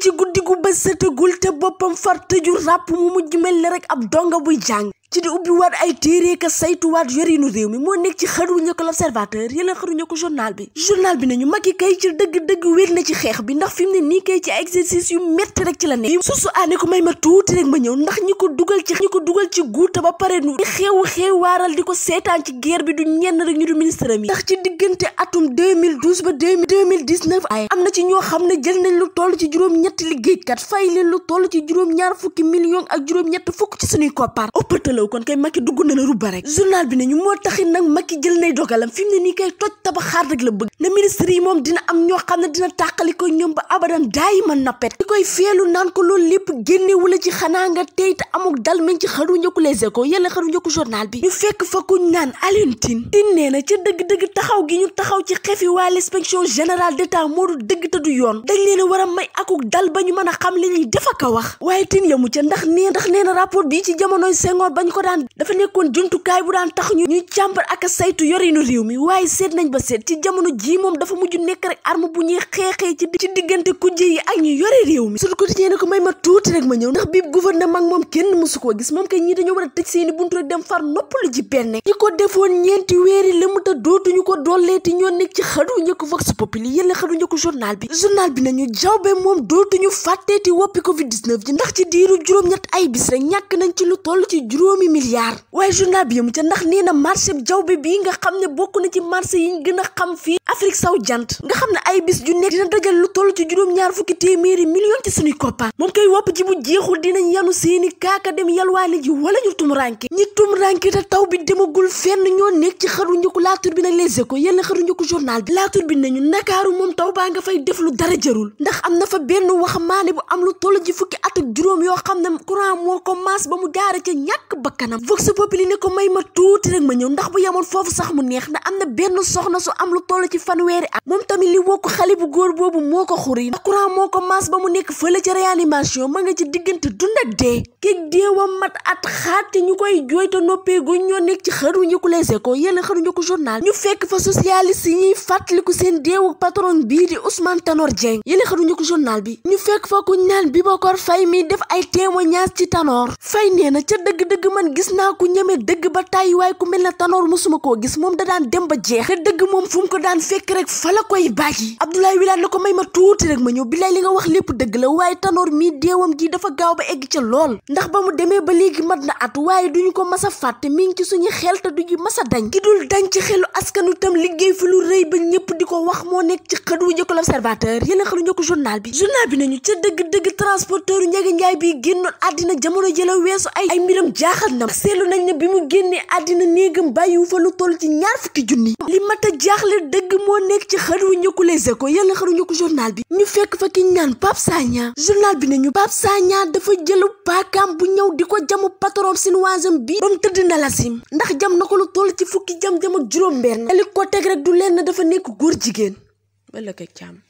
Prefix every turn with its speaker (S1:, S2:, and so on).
S1: ci guddi gu bët setagul te boppam far tëju ràpp mu mujj mel ne rek ab dongo buy jàng ci di ubbiwaat ay téere ka saytuwaat yorinu réew mi moo nekk ci xaruña ko l'observateur yeneen xaruña ko journal bi journal bi nañu Macky kay ci dëgg-dëgg wér na ci xeex bi ndax fi mu ne nii kay ci exercice yu metti dugal ci ñi guuta ba pare nu xew xew waaral di ko seetaan ci guerre bi du ñenn rek ñu du ministre mi ndax ci diggante atum 2012 ba 2019 ay am na ci ñoo xam ne jël nañ lu toll ci juróom ñetti liggéeykat fay leen lu toll ci juróom ñaar fukki million ak juróom ñett fukk ci suñuy koppar ëppatal nelaw kon kay Macky dugg na la rubba rek journal bi ne moo taxit nag Macky jël nay dogalam fi ne nii kay toj tabaxaar rek la bëgg ne ministre yi moom dina am ñoo xam ne dina tàqali ko ñoom ba abadan daayi ma nappet di koy feelu naan ko loolu lépp génnewula ci xanaa nga tey te amuk dal men ci xaru njëkku les échos yàlla xaru njëkku journal bi fekk fa ku naan Alioune Tine Tine na ca dëgg-dëgg taxaw gi ñu taxaw ci xefi waa l'inspection générale d'État moo du dëgg te du yoon dañ leen a war a may akuk dal ba ñu mën a xam li ñuy def ak wax waaye Tine yamu ca ndax nee ndax nee na rapport bii ci jamonoy Senghor bañ ko daan dafa nekkoon jumtukaay bu daan tax ñu ñuy càmbar ak saytu yorinu réew mi waaye seet nañ ba seet ci jamono jii moom dafa mujj nekk rek arme bu ñuy xeexee ci ci diggante kujje yi ak ñu yore réew mi surtout quotidien ne ko may ma tuuti rek ma ñëw ndax biib gouvernement ak moom kenn mosu koo gis moom kay ñii dañoo war a tëj seeni buntu rek dem far noppalu ji benn ñi ko defoon ñeenti weeri lëmu te dootuñu ko dolleeti ñoo nekk ci xadu ñëkko vox populi yëlla xadu ñëkko journal bi journal bi nañu jawbe moom dootuñu fàtteeti woppi covid 19 ji ndax ci diiru juróom-ñett ay bis ñàkk nañ ci lu toll ci juróom juróomi milliards waaye journal bi yëmu ca ndax nee na marché jawbe bii nga xam ne bokk a xam million ci suñuy koppar moom koy wopp ci bu jeexul dinañ yanu seeni kaaka dem yalwaale ji wala ñu tumuranke ñi tumuranke te taw bi demagul fenn ñoo nekk ci xaru njëkku laa tur bi nag les échos yéen journal bi laa tur bi nañu ndakaaru moom taw baa nga fay def lu dara jërul ndax am na fa benn waxambaane bu am lu toll ci fukki at ak juróom yoo xam ne courant moo ko maas ba mu jaare ca ñàkk ba bakkanam vox populi ne ko may ma tuuti rek ma ñëw ndax bu yemoon foofu sax mu neex na am na benn soxna su am lu toll ci fanweeri moom tamit li wokk xale bu góor boobu moo ko xuri courant moo ko maas ba mu nekk fële ca réanimation ma nga ci diggante dund ak dee keeg deewam mat at xaat te ñu koy jooy te noppee guñ ñoo nekk ci xëru njëkku Les Échos yéen xëru njëkku journal ñu fekk fa socialiste yi ñuy fàttaliku seen deewu patron bii di Ousmane Tanor Dieng yéen xëru njëkku journal bi ñu fekk fa kuñ naan Bibakor Faye mi def ay témoignage ci Tanor Faye nee na ca dëgg-dëgg man gis naa ko ñeme dëgg ba tàyyi waaye ku mel na Tanor mosuma koo gis moom da daan dem ba jeex te dëgg moom fu mu ko daan fekk rek fala la koy baaji Abdoulaye Wilane la ko may ma tuuti rek ma ñëw bilaay li nga wax lépp dëgg la waaye Tanor mii deewam gi dafa gaaw ba egg ca lool ndax ba mu demee ba léegi mat na at waaye duñu ko mas a fàtte mi ngi ci suñu xel te duñu mas a dañ ki dul dañ ci xelu askanu tam liggéey fi lu rëy ba ñëpp di ko wax moo nekk ci xët wu njëkk l'observateur yéen xëlu njëkk journal bi journal bi nañu ca dëgg-dëgg transporteur Ndiaga Ndiaye bi génnoon àddina jamono jëla weesu ay ay mbiram jaaxal na seetlu nañ ne bi mu génnee àddina néegam bàyyiwu fa lu toll ci ñaar fukki junni li mat a jaaxle dëgg moo xëru ñu ko Les Échos yàlla xëru ñu ko journal bi ñu fekk fa ki ñaan Pape Sagna journal bi ne ñu Pape Sagna dafa jëlu paakaam bu ñaw di ko jamu patron sinoisam bi doon tëdd na la sim ndax jam na ko lu toll ci fukki jam-jam ak juróom-benn eli ko du leen na dafa nekk góor jigéen wala ko